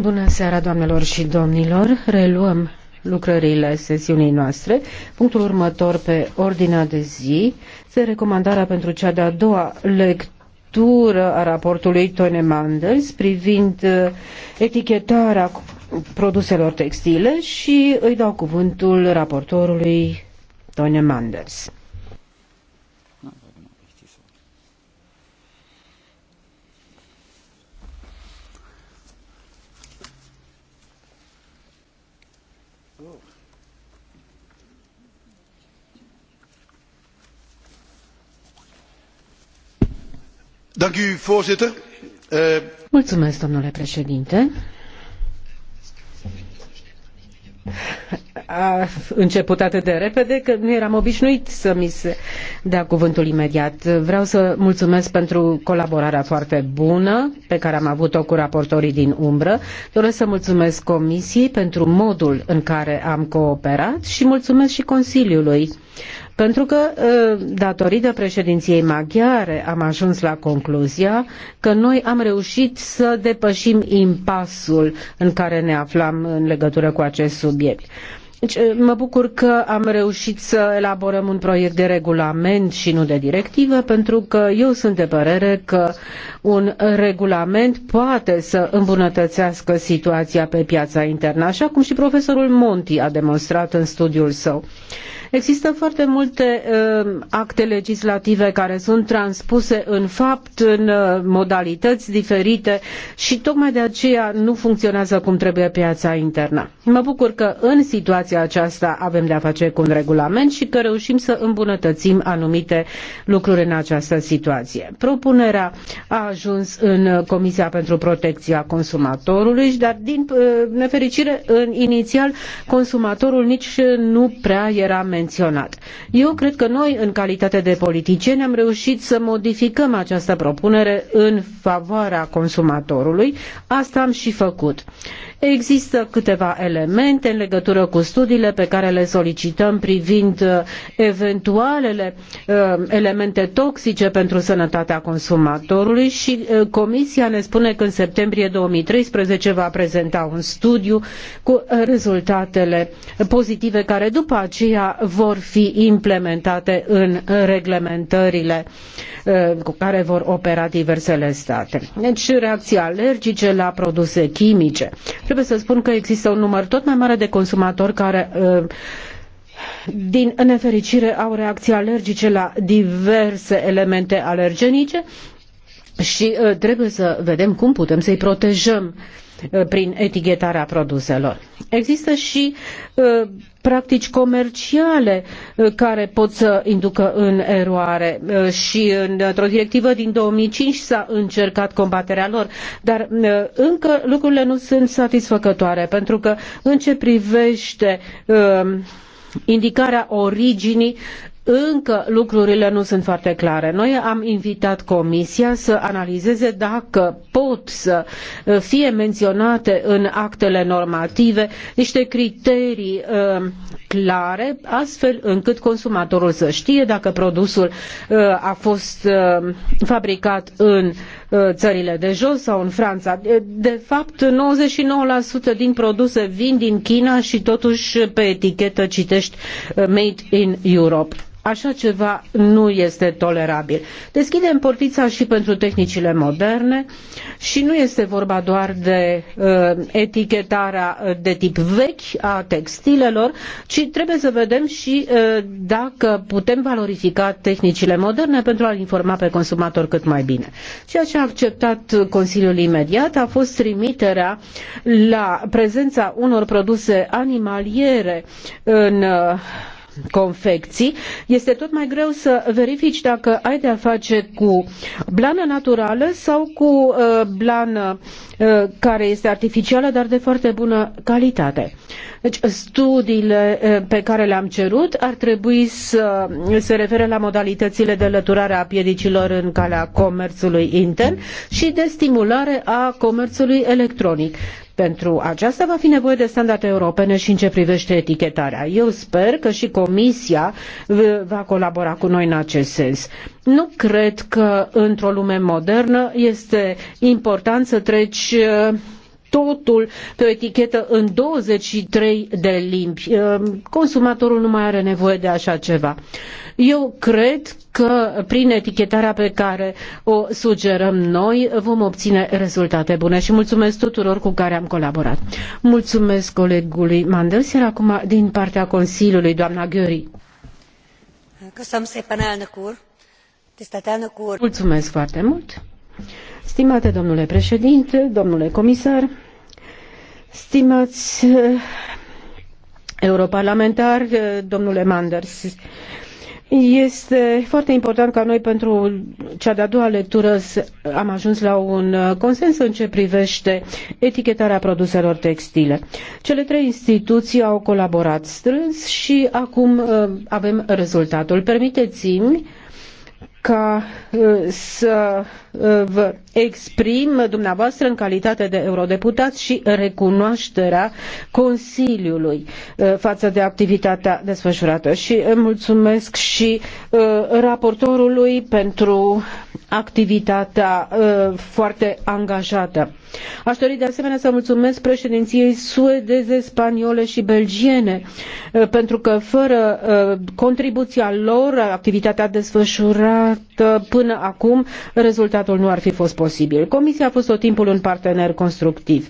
Bună seara, doamnelor și domnilor. Reluăm lucrările sesiunii noastre. Punctul următor pe ordinea de zi este recomandarea pentru cea de-a doua lectură a raportului Tone Manders privind uh, etichetarea produselor textile și îi dau cuvântul raportorului Tone Manders. Eh, mulțumesc, domnule președinte. A început atât de repede că nu eram obișnuit să mi se dea cuvântul imediat. Vreau să mulțumesc pentru colaborarea foarte bună pe care am avut-o cu raportorii din umbră. Doresc să mulțumesc Comisiei pentru modul în care am cooperat și mulțumesc și Consiliului pentru că, ă, datorită președinției maghiare, am ajuns la concluzia că noi am reușit să depășim impasul în care ne aflam în legătură cu acest subiect. Deci, ă, mă bucur că am reușit să elaborăm un proiect de regulament și nu de directivă, pentru că eu sunt de părere că un regulament poate să îmbunătățească situația pe piața internă, așa cum și profesorul Monti a demonstrat în studiul său. Uh, Există foarte multe ehm, acte legislative care sunt transpuse în fapt în ehm, modalități diferite și tocmai de aceea nu funcționează cum trebuie piața internă. Mă bucur că în situația aceasta avem de a face cu un regulament și că reușim să îmbunătățim anumite lucruri în această situație. Propunerea a ajuns în Comisia pentru Protecția Consumatorului, dar din ehm, nefericire în inițial consumatorul nici nu prea era menționat. Eu cred că noi, în calitate de politicieni, am reușit să modificăm această propunere în favoarea consumatorului. Asta am și făcut. Există câteva elemente în legătură cu studiile pe care le solicităm privind uh, eventualele uh, elemente toxice pentru sănătatea consumatorului și uh, Comisia ne spune că în septembrie 2013 va prezenta un studiu cu rezultatele pozitive care după aceea vor fi implementate în reglementările cu care vor opera diversele state. Deci reacții alergice la produse chimice. Trebuie să spun că există un număr tot mai mare de consumatori care uh, din nefericire au reacții alergice la diverse elemente alergenice și uh, trebuie să vedem cum putem să-i protejăm. Uh, prin etichetarea produselor. Există și uh, practici comerciale uh, care pot să inducă în eroare și într-o directivă din 2005 s-a încercat combaterea lor, dar încă lucrurile nu sunt satisfăcătoare pentru că în ce privește indicarea originii încă lucrurile nu sunt foarte clare. Noi am invitat Comisia să analizeze dacă pot să uh, fie menționate în actele normative niște criterii uh, clare, astfel încât consumatorul să știe dacă produsul uh, a fost fabricat în țările de jos sau în Franța. De fapt, 99% din produse vin din China și totuși pe etichetă citești Made in Europe. Așa ceva nu este tolerabil. Deschidem portița și pentru tehnicile moderne și nu este vorba doar de uh, etichetarea uh, de tip vechi a textilelor, ci trebuie să vedem și uh, dacă putem valorifica tehnicile moderne pentru a-l informa pe consumator cât mai bine. Ceea ce a acceptat Consiliul imediat a fost trimiterea la prezența unor produse animaliere în uh, confecții, este tot mai greu să verifici dacă ai de-a face cu blană naturală sau cu uh, blană uh, care este artificială, dar de foarte bună calitate. Deci studiile uh, pe care le-am cerut ar trebui să se refere la modalitățile de lăturare a piedicilor în calea comerțului intern și de stimulare a comerțului electronic. Pentru aceasta va fi nevoie de standarde europene și în ce privește etichetarea. Eu sper că și Comisia va colabora cu noi în acest sens. Nu cred că într-o lume modernă este important să treci uh, totul pe o etichetă în 23 de limbi. Ehm, consumatorul nu mai are nevoie de așa ceva. Eu cred că prin etichetarea pe care o sugerăm noi vom obține rezultate bune și mulțumesc tuturor cu care am colaborat. Mulțumesc colegului Mandels, iar acum din partea Consiliului, doamna Gheori. Mulțumesc foarte mult. Stimate domnule președinte, domnule comisar, stimați eh, europarlamentar, eh, domnule Manders, este foarte important ca noi pentru cea de-a doua lectură am ajuns la un eh, consens în ce privește etichetarea produselor textile. Cele trei instituții au colaborat strâns și acum avem rezultatul. Permiteți-mi ca uh, să uh, vă exprim dumneavoastră în calitate de eurodeputat și recunoașterea Consiliului uh, față de activitatea desfășurată. Și mulțumesc și raportorului pentru activitatea foarte angajată. Aș dori de asemenea să mulțumesc președinției suedeze, spaniole și belgiene, pentru că fără contribuția lor, activitatea desfășurată Iată, uh, până acum rezultatul nu ar fi fost posibil. Comisia a fost tot timpul un partener constructiv.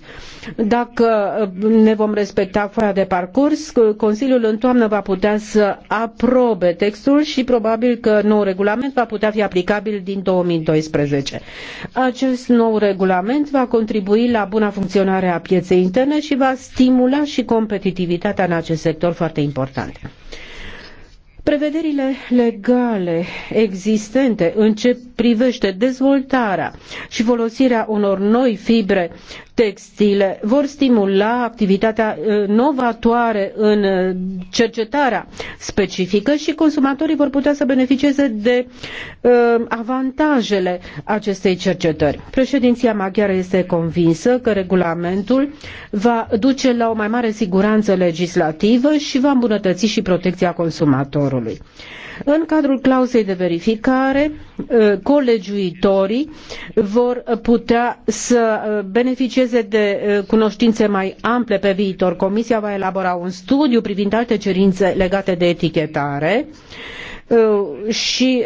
Dacă uh, ne vom respecta foaia de parcurs, uh, Consiliul în toamnă va putea să aprobe textul și probabil că nou regulament va putea fi aplicabil din 2012. Acest nou regulament va contribui la buna funcționare a pieței interne și va stimula și competitivitatea în acest sector foarte important. Prevederile legale existente în ce privește dezvoltarea și folosirea unor noi fibre textile vor stimula activitatea uh, novatoare în uh, cercetarea specifică și consumatorii vor putea să beneficieze de uh, avantajele acestei cercetări. Președinția maghiară este convinsă că regulamentul va duce la o mai mare siguranță legislativă și va îmbunătăți și protecția consumatorului. În cadrul clauzei de verificare, ă, colegiuitorii vor putea să ă, beneficieze de ă, cunoștințe mai ample pe viitor. Comisia va elabora un studiu privind alte cerințe legate de etichetare și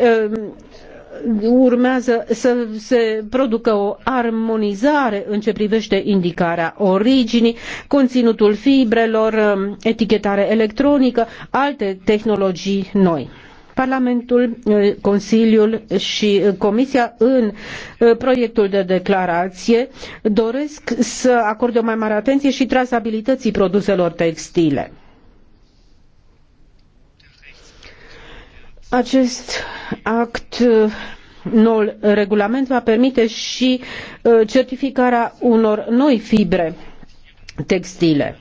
urmează să se producă o armonizare în ce privește indicarea originii, conținutul fibrelor, etichetare electronică, alte tehnologii noi. Parlamentul, eh, Consiliul și eh, Comisia în eh, proiectul de declarație doresc să acorde o mai mare atenție și trasabilității produselor textile. Acest act noul regulament va permite și certificarea unor noi fibre textile.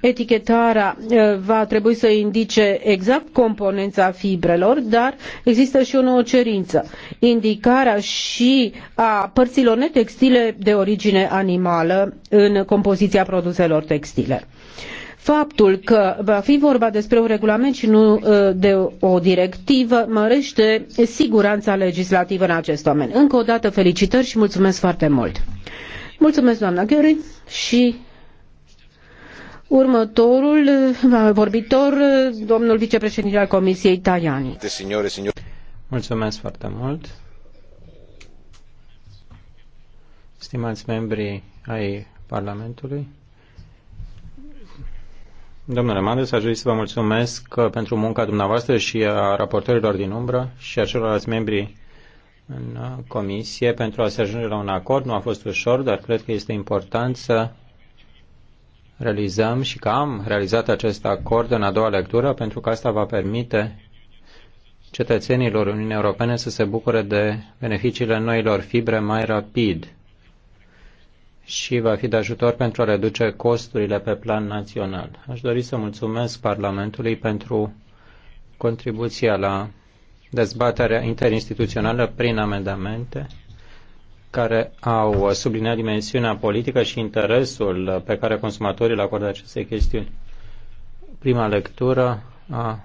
Etichetarea eh, va trebui să indice exact componența fibrelor, dar există și o nouă cerință. Indicarea și a părților netextile de origine animală în compoziția produselor textile faptul că va fi vorba despre un regulament și nu eh, de o directivă mărește siguranța legislativă în acest domeniu. Încă o dată felicitări și mulțumesc foarte mult. Mulțumesc doamna Gheorghe și Următorul vorbitor, domnul vicepreședinte al Comisiei Tajani. Mulțumesc foarte mult. Stimați membri ai Parlamentului, Domnule Mandes, aș vrea să vă mulțumesc pentru munca dumneavoastră și a raportorilor din umbră și a celorlalți membri în comisie pentru a se ajunge la un acord. Nu a fost ușor, dar cred că este important să realizăm și că am realizat acest acord în a doua lectură pentru că asta va permite cetățenilor Uniunii Europene să se bucure de beneficiile noilor fibre mai rapid și va fi de ajutor pentru a reduce costurile pe plan național. Aș dori să mulțumesc Parlamentului pentru contribuția la dezbaterea interinstituțională prin amendamente care au subliniat dimensiunea politică și interesul pe care consumatorii îl acordă acestei chestiuni. Prima lectură a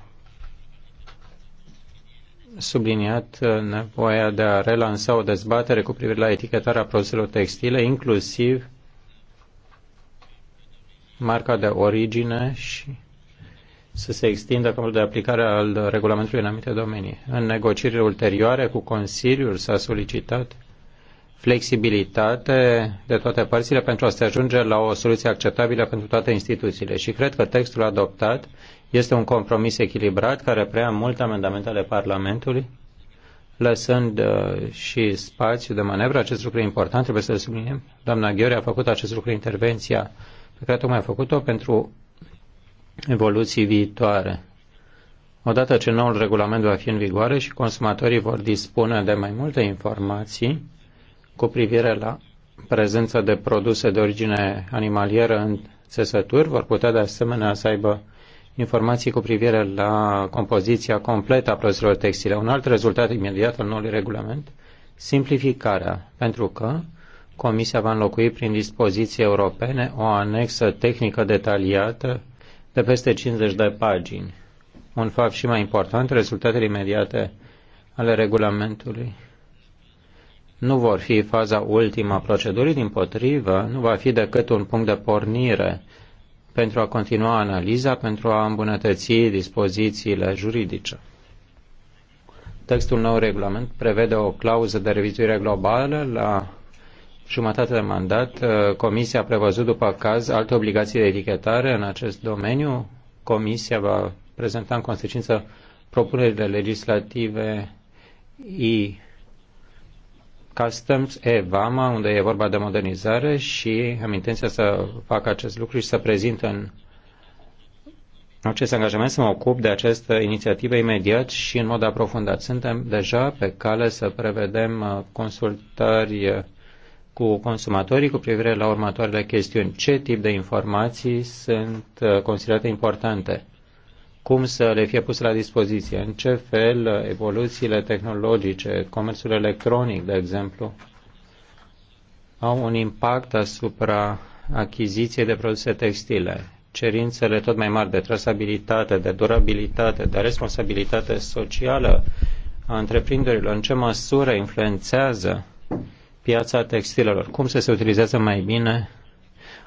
subliniat nevoia de a relansa o dezbatere cu privire la etichetarea produselor textile, inclusiv marca de origine și să se extindă câmpul de aplicare al regulamentului în anumite domenii. În negocierile ulterioare cu Consiliul s-a solicitat flexibilitate de toate părțile pentru a se ajunge la o soluție acceptabilă pentru toate instituțiile. Și cred că textul adoptat este un compromis echilibrat care preia multe amendamente ale Parlamentului, lăsând uh, și spațiu de manevră. Acest lucru e important, trebuie să-l subliniem. Doamna Gheori a făcut acest lucru, intervenția pe care tocmai a făcut-o pentru evoluții viitoare. Odată ce noul regulament va fi în vigoare și consumatorii vor dispune de mai multe informații, cu privire la prezența de produse de origine animalieră în țesături vor putea de asemenea să aibă informații cu privire la compoziția completă a produselor textile. Un alt rezultat imediat al noului regulament, simplificarea, pentru că Comisia va înlocui prin dispoziții europene o anexă tehnică detaliată de peste 50 de pagini. Un fapt și mai important, rezultatele imediate ale regulamentului nu vor fi faza ultimă a procedurii, din potrivă, nu va fi decât un punct de pornire pentru a continua analiza, pentru a îmbunătăți dispozițiile juridice. Textul nou regulament prevede o clauză de revizuire globală la jumătate de mandat. Uh, Comisia a prevăzut după caz alte obligații de etichetare în acest domeniu. Comisia va prezenta în consecință propunerile legislative I Customs e-Vama, unde e vorba de modernizare și am intenția să fac acest lucru și să prezint în acest angajament să mă ocup de această inițiativă imediat și în mod aprofundat. Suntem deja pe cale să prevedem uh, consultări uh, cu consumatorii cu privire la următoarele chestiuni. Ce tip de informații sunt uh, considerate importante? cum să le fie pus la dispoziție, în ce fel uh, evoluțiile tehnologice, comerțul electronic, de exemplu, au un impact asupra achiziției de produse textile. Cerințele tot mai mari de trasabilitate, de durabilitate, de responsabilitate socială a întreprinderilor, în ce măsură influențează piața textilelor, cum să se utilizează mai bine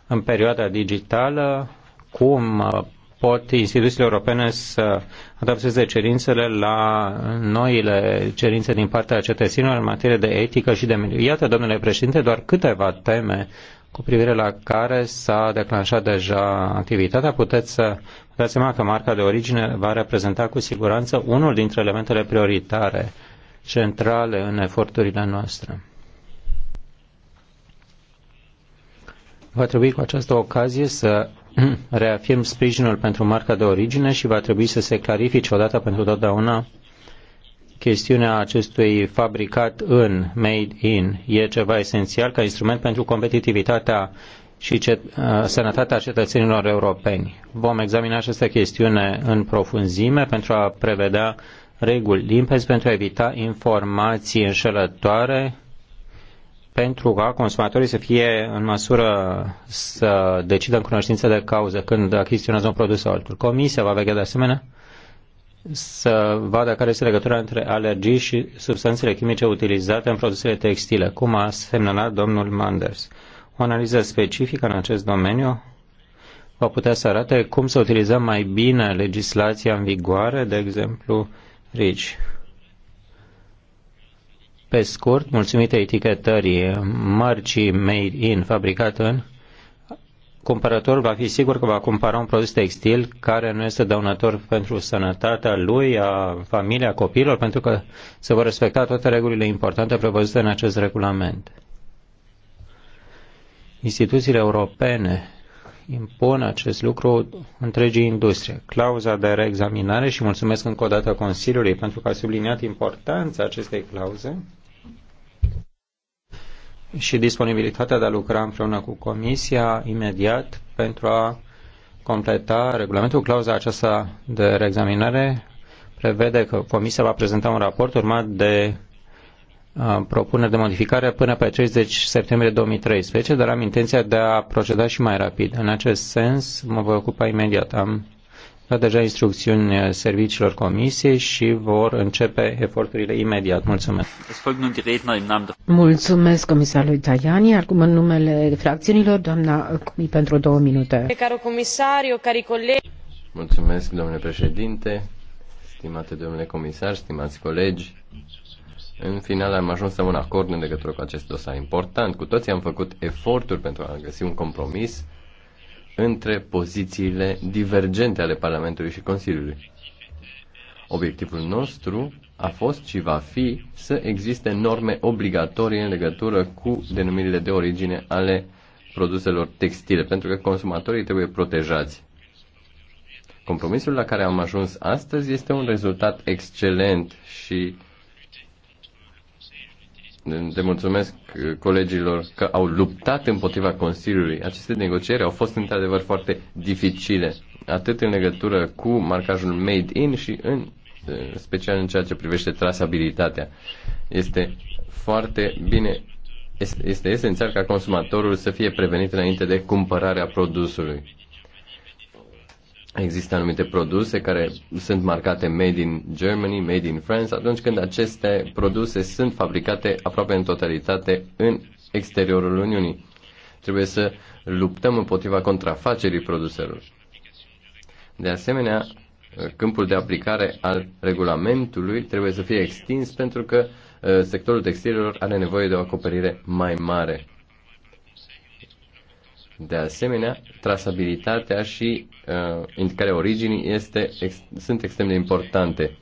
în perioada digitală, cum uh, pot instituțiile europene să adapteze cerințele la noile cerințe din partea cetățenilor în materie de etică și de mediu. Iată, domnule președinte, doar câteva teme cu privire la care s-a declanșat deja activitatea. Puteți să dați seama că marca de origine va reprezenta cu siguranță unul dintre elementele prioritare centrale în eforturile noastre. Va trebui cu această ocazie să Hmm. reafirm sprijinul pentru marca de origine și va trebui să se clarifice odată pentru totdeauna chestiunea acestui fabricat în, made in, e ceva esențial ca instrument pentru competitivitatea și cet- uh, sănătatea cetățenilor europeni. Vom examina această chestiune în profunzime pentru a prevedea reguli limpezi pentru a evita informații înșelătoare pentru ca consumatorii să fie în măsură să decidă în cunoștință de cauză când achiziționează un produs sau altul. Comisia va vedea de asemenea să vadă care este legătura între alergii și substanțele chimice utilizate în produsele textile, cum a semnalat domnul Manders. O analiză specifică în acest domeniu va putea să arate cum să utilizăm mai bine legislația în vigoare, de exemplu, RICI. Pe scurt, mulțumită etichetării mărcii made in fabricat în, cumpărătorul va fi sigur că va cumpăra un produs textil care nu este dăunător pentru sănătatea lui, a familiei, a copiilor, pentru că se vor respecta toate regulile importante prevăzute în acest regulament. Instituțiile europene impun acest lucru întregii industrie. Clauza de reexaminare și mulțumesc încă o dată Consiliului pentru că a subliniat importanța acestei clauze și disponibilitatea de a lucra împreună cu Comisia imediat pentru a completa regulamentul. Clauza aceasta de reexaminare prevede că Comisia va prezenta un raport urmat de uh, propuneri de modificare până pe 30 septembrie 2013, dar am intenția de a proceda și mai rapid. În acest sens, mă voi ocupa imediat. Am dat deja instrucțiuni eh, serviciilor comisiei și vor începe eforturile imediat. Mulțumesc. Mulțumesc comisarului Tajani, acum în numele fracțiunilor, doamna pentru două minute. Caro comisario, cari colegi. Mulțumesc, domnule președinte, stimate domnule comisar, stimați colegi. În final am ajuns la un acord în legătură cu acest dosar important. Cu toții am făcut eforturi pentru a găsi un compromis între pozițiile divergente ale Parlamentului și Consiliului. Obiectivul nostru a fost și va fi să existe norme obligatorii în legătură cu denumirile de origine ale produselor textile, pentru că consumatorii trebuie protejați. Compromisul la care am ajuns astăzi este un rezultat excelent și de mulțumesc uh, colegilor că au luptat împotriva Consiliului. Aceste negocieri au fost într-adevăr foarte dificile, atât în legătură cu marcajul made in și în uh, special în ceea ce privește trasabilitatea. Este foarte bine, este esențial ca consumatorul să fie prevenit înainte de cumpărarea produsului Există anumite produse care sunt marcate Made in Germany, Made in France, atunci când aceste produse sunt fabricate aproape în totalitate în exteriorul Uniunii. Trebuie să luptăm împotriva contrafacerii produselor. De asemenea, câmpul de aplicare al regulamentului trebuie să fie extins pentru că uh, sectorul textilelor are nevoie de o acoperire mai mare. De asemenea, trasabilitatea și uh, indicarea originii este, ex, sunt extrem de importante.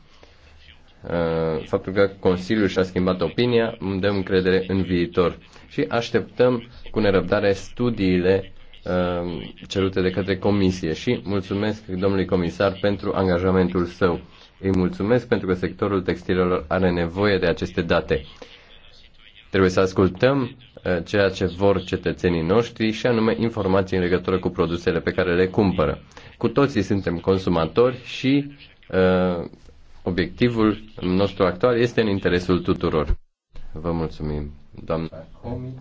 Uh, faptul că Consiliul și-a schimbat opinia îmi dă încredere în viitor și așteptăm cu nerăbdare studiile uh, cerute de către Comisie și mulțumesc domnului comisar pentru angajamentul său. Îi mulțumesc pentru că sectorul textilelor are nevoie de aceste date. Trebuie să ascultăm Uh, ceea ce vor cetățenii noștri și anume informații în legătură cu produsele pe care le cumpără. Cu toții suntem consumatori și uh, obiectivul nostru actual este în interesul tuturor. Vă mulțumim, doamna Comi.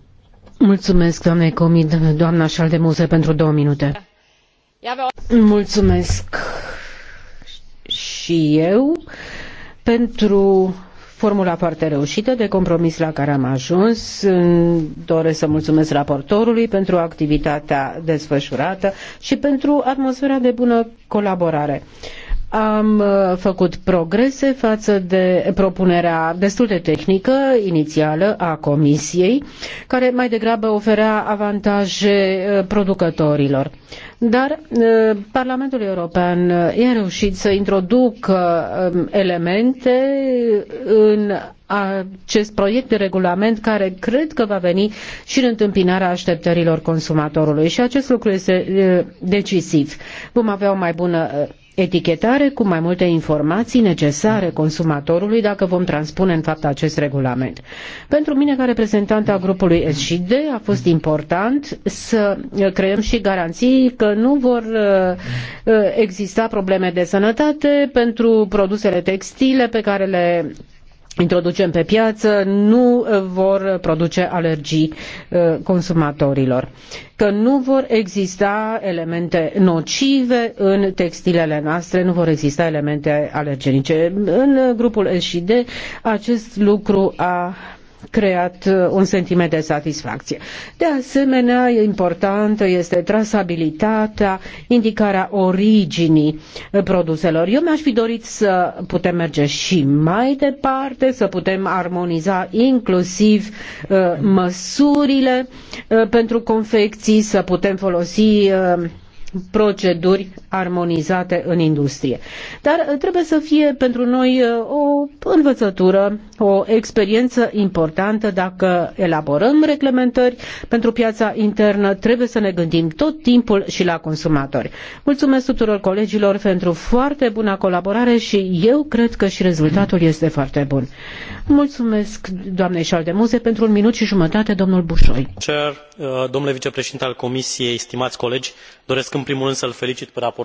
Mulțumesc, doamne Comid, doamna Șaldemuse, pentru două minute. Mulțumesc și eu pentru formula foarte reușită de compromis la care am ajuns. Doresc să mulțumesc raportorului pentru activitatea desfășurată și pentru atmosfera de bună colaborare. Am uh, făcut progrese față de propunerea destul de tehnică inițială a Comisiei, care mai degrabă oferea avantaje uh, producătorilor. Dar Parlamentul European a reușit să introducă elemente în acest proiect de regulament care cred că va veni și în întâmpinarea așteptărilor consumatorului și acest lucru este decisiv. Vom avea o mai bună etichetare cu mai multe informații necesare consumatorului dacă vom transpune în fapt acest regulament. Pentru mine, ca reprezentant a grupului SD, a fost important să creăm și garanții că nu vor uh, uh, exista probleme de sănătate pentru produsele textile pe care le introducem pe piață nu uh, vor uh, produce alergii uh, consumatorilor, că nu vor exista elemente nocive în textilele noastre, nu vor exista elemente alergenice. În grupul S acest lucru a creat uh, un sentiment de satisfacție. De asemenea, importantă este trasabilitatea, indicarea originii uh, produselor. Eu mi-aș fi dorit să putem merge și mai departe, să putem armoniza inclusiv uh, măsurile pentru confecții, să putem folosi proceduri armonizate în industrie. Dar uh, trebuie să fie pentru noi uh, o învățătură, o experiență importantă dacă elaborăm reglementări pentru piața internă, trebuie să ne gândim tot timpul și la consumatori. Mulțumesc tuturor colegilor pentru foarte bună colaborare și eu cred că și rezultatul este foarte bun. Mulțumesc doamnei Șaldemuze pentru un minut și jumătate, domnul Bușoi. Cer, uh, domnule vicepreședinte al Comisiei, stimați colegi, doresc în primul rând să-l felicit pe raportor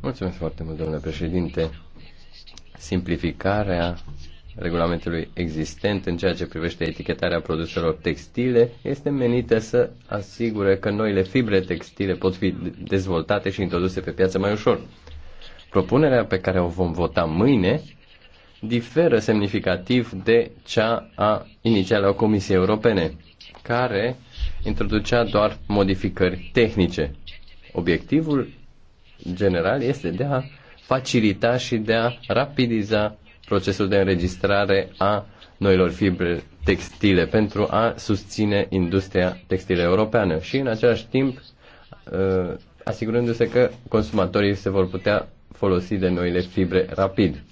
Mulțumesc foarte mult, domnule președinte. Simplificarea regulamentului existent în ceea ce privește etichetarea produselor textile este menită să asigure că noile fibre textile pot fi dezvoltate și introduse pe piață mai ușor. Propunerea pe care o vom vota mâine diferă semnificativ de cea a inițială a Comisiei Europene, care introducea doar modificări tehnice. Obiectivul general este de a facilita și de a rapidiza procesul de înregistrare a noilor fibre textile pentru a susține industria textilă europeană și în același timp ă, asigurându-se că consumatorii se vor putea folosi de noile fibre rapid.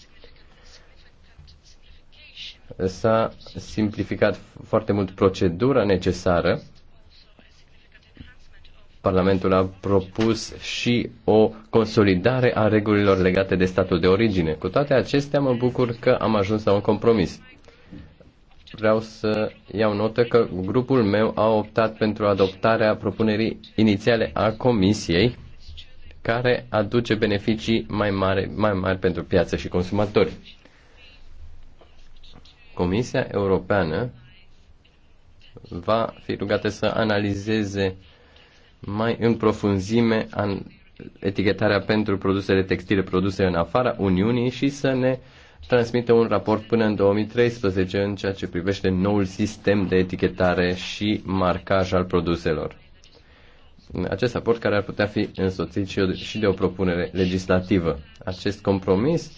S-a simplificat foarte mult procedura necesară Parlamentul a propus și o consolidare a regulilor legate de statul de origine. Cu toate acestea, mă bucur că am ajuns la un compromis. Vreau să iau notă că grupul meu a optat pentru adoptarea propunerii inițiale a Comisiei, care aduce beneficii mai mari, mai mari pentru piață și consumatori. Comisia Europeană va fi rugată să analizeze mai în profunzime an etichetarea pentru produsele textile produse în afara Uniunii și să ne transmită un raport până în 2013 în ceea ce privește noul sistem de etichetare și marcaj al produselor. Acest raport care ar putea fi însoțit și de o propunere legislativă. Acest compromis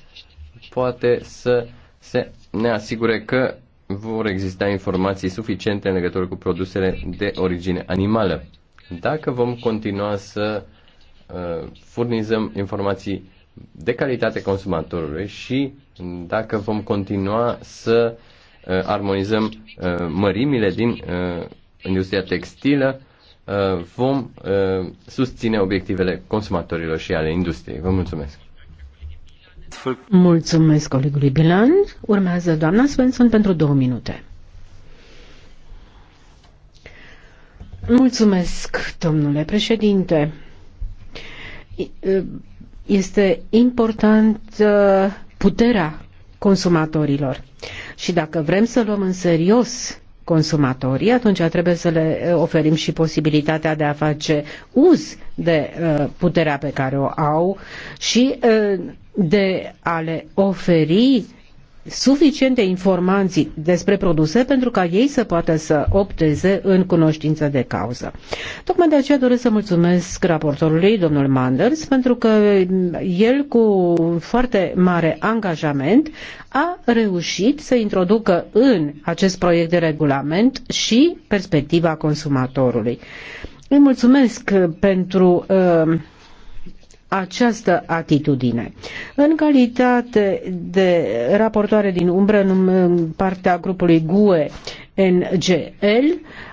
poate să se ne asigure că vor exista informații suficiente în legătură cu produsele de origine animală. Dacă vom continua să uh, furnizăm informații de calitate consumatorului și dacă vom continua să uh, armonizăm uh, mărimile din uh, industria textilă, uh, vom uh, susține obiectivele consumatorilor și ale industriei. Vă mulțumesc! Mulțumesc colegului Bilan. Urmează doamna Svensson pentru două minute. Mulțumesc, domnule președinte. Este important puterea consumatorilor. Și dacă vrem să luăm în serios consumatorii, atunci trebuie să le oferim și posibilitatea de a face uz de puterea pe care o au și de a le oferi suficiente informații despre produse pentru ca ei să poată să opteze în cunoștință de cauză. Tocmai de aceea doresc să mulțumesc raportorului, domnul Manders, pentru că el cu foarte mare angajament a reușit să introducă în acest proiect de regulament și perspectiva consumatorului. Îi mulțumesc pentru uh, această atitudine. În calitate de raportoare din umbră în partea grupului GUE NGL,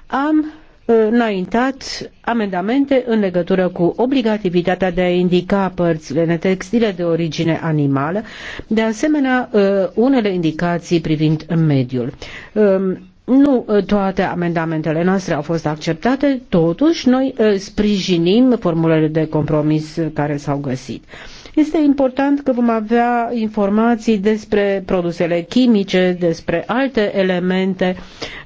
am uh, înaintat amendamente în legătură cu obligativitatea de a indica părțile textile de origine animală, de asemenea uh, unele indicații privind mediul. Um, nu ă, toate amendamentele noastre au fost acceptate, totuși noi ă, sprijinim formulele de compromis care s-au găsit. Este important că vom avea informații despre produsele chimice, despre alte elemente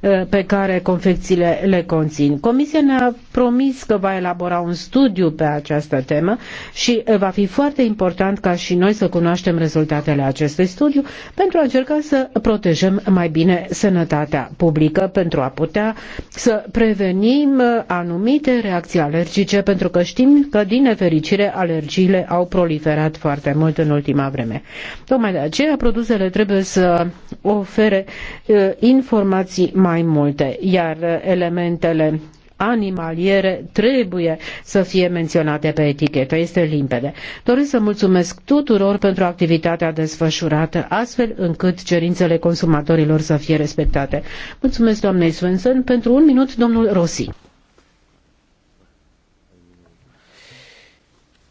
ă, pe care confecțiile le conțin. Comisia ne-a promis că va elabora un studiu pe această temă și va fi foarte important ca și noi să cunoaștem rezultatele acestui studiu pentru a încerca să protejăm mai bine sănătatea publică, pentru a putea să prevenim anumite reacții alergice, pentru că știm că, din nefericire, alergiile au proliferat foarte mult în ultima vreme. Tocmai de aceea, produsele trebuie să ofere informații mai multe, iar elementele animaliere trebuie să fie menționate pe etichetă. Este limpede. Doresc să mulțumesc tuturor pentru activitatea desfășurată, astfel încât cerințele consumatorilor să fie respectate. Mulțumesc doamnei Svensson. Pentru un minut, domnul Rossi.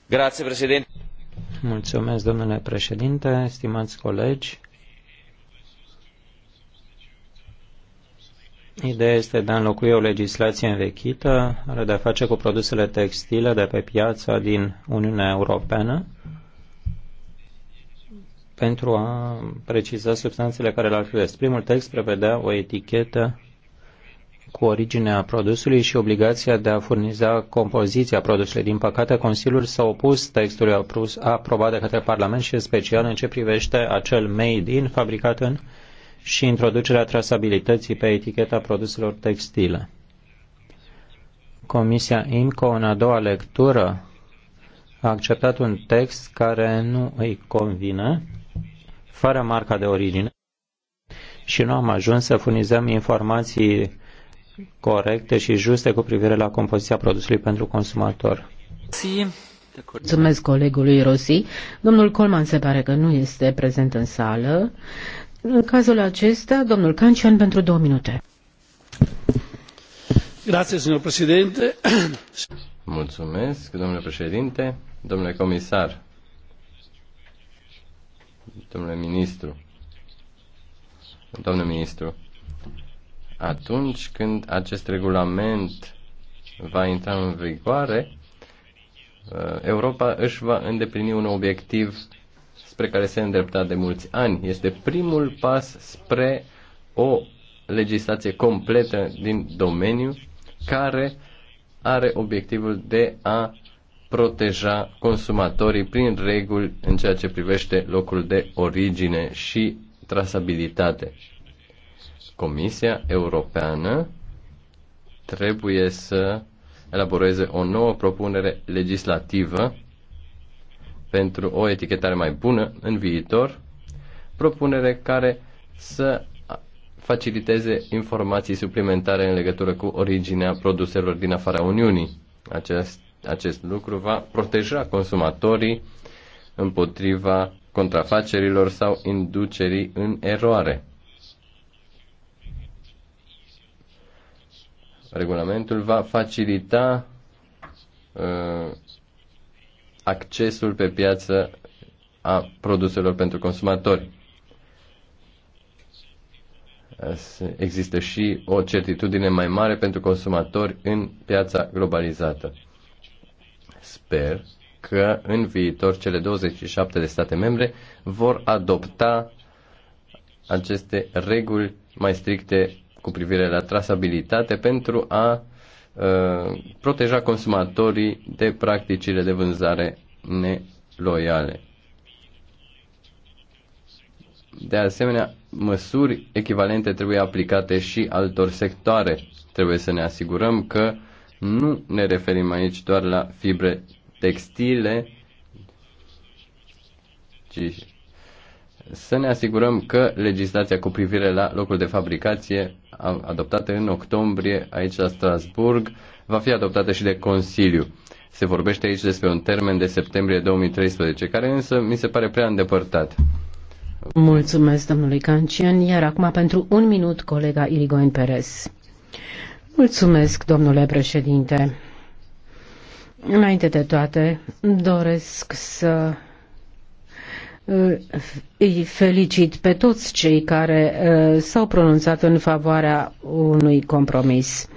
Grazie, Mulțumesc, domnule președinte, stimați colegi. Ideea este de a înlocui o legislație învechită, are de-a face cu produsele textile de pe piața din Uniunea Europeană, pentru a preciza substanțele care le-ar fi Primul text prevedea o etichetă cu originea produsului și obligația de a furniza compoziția produsului. Din păcate, Consiliul s-a opus textului aprobat de către Parlament și în special în ce privește acel made in fabricat în și introducerea trasabilității pe eticheta produselor textile. Comisia IMCO, în a doua lectură, a acceptat un text care nu îi convine, fără marca de origine, și nu am ajuns să furnizăm informații corecte și juste cu privire la compoziția produsului pentru consumator. Mulțumesc colegului Rosi. Domnul Colman se pare că nu este prezent în sală. În cazul acesta, domnul Cancian pentru două minute. Grazie, signor Presidente. Mulțumesc, domnule președinte, domnule comisar, domnule ministru, domnule ministru, atunci când acest regulament va intra în vigoare, uh, Europa își va îndeplini un obiectiv spre care se îndrepta de mulți ani. Este primul pas spre o legislație completă din domeniu care are obiectivul de a proteja consumatorii prin reguli în ceea ce privește locul de origine și trasabilitate. Comisia Europeană trebuie să elaboreze o nouă propunere legislativă pentru o etichetare mai bună în viitor, propunere care să faciliteze informații suplimentare în legătură cu originea produselor din afara Uniunii. Acest, acest lucru va proteja consumatorii împotriva contrafacerilor sau inducerii în eroare. Regulamentul va facilita uh, accesul pe piață a produselor pentru consumatori. Există și o certitudine mai mare pentru consumatori în piața globalizată. Sper că în viitor cele 27 de state membre vor adopta aceste reguli mai stricte cu privire la trasabilitate pentru a Uh, proteja consumatorii de practicile de vânzare neloiale. De asemenea, măsuri echivalente trebuie aplicate și altor sectoare. Trebuie să ne asigurăm că nu ne referim aici doar la fibre textile, ci să ne asigurăm că legislația cu privire la locul de fabricație adoptate în octombrie aici la Strasburg va fi adoptată și de Consiliu. Se vorbește aici despre un termen de septembrie 2013, care însă mi se pare prea îndepărtat. Mulțumesc, domnului Cancian. Iar acum, pentru un minut, colega Irigoyen Perez. Mulțumesc, domnule președinte. Înainte de toate, doresc să îi felicit pe toți cei care uh, s-au pronunțat în favoarea unui compromis.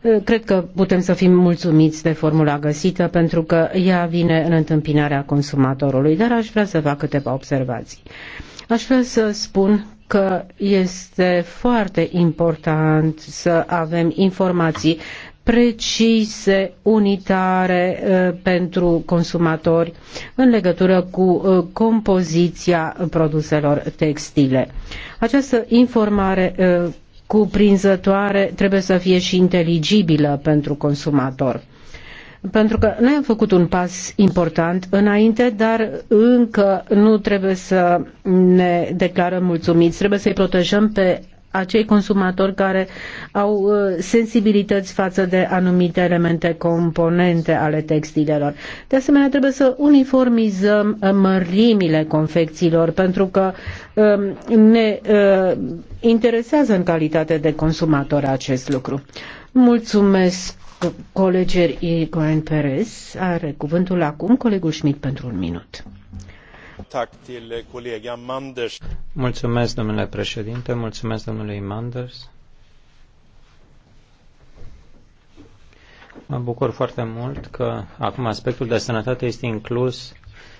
Uh, cred că putem să fim mulțumiți de formula găsită pentru că ea vine în întâmpinarea consumatorului, dar aș vrea să fac câteva observații. Aș vrea să spun că este foarte important să avem informații precise, unitare uh, pentru consumatori în legătură cu uh, compoziția produselor textile. Această informare uh, cuprinzătoare trebuie să fie și inteligibilă pentru consumator pentru că noi am făcut un pas important înainte, dar încă nu trebuie să ne declarăm mulțumiți. Trebuie să-i protejăm pe acei consumatori care au uh, sensibilități față de anumite elemente componente ale textilelor. De asemenea, trebuie să uniformizăm uh, mărimile confecțiilor pentru că um, ne uh, interesează în calitate de consumator acest lucru. Mulțumesc colegeri Igoen Perez. Are cuvântul acum colegul Schmidt pentru un minut. Eh, mulțumesc, domnule președinte, mulțumesc domnule Manders. Mă bucur foarte mult că acum aspectul de sănătate este inclus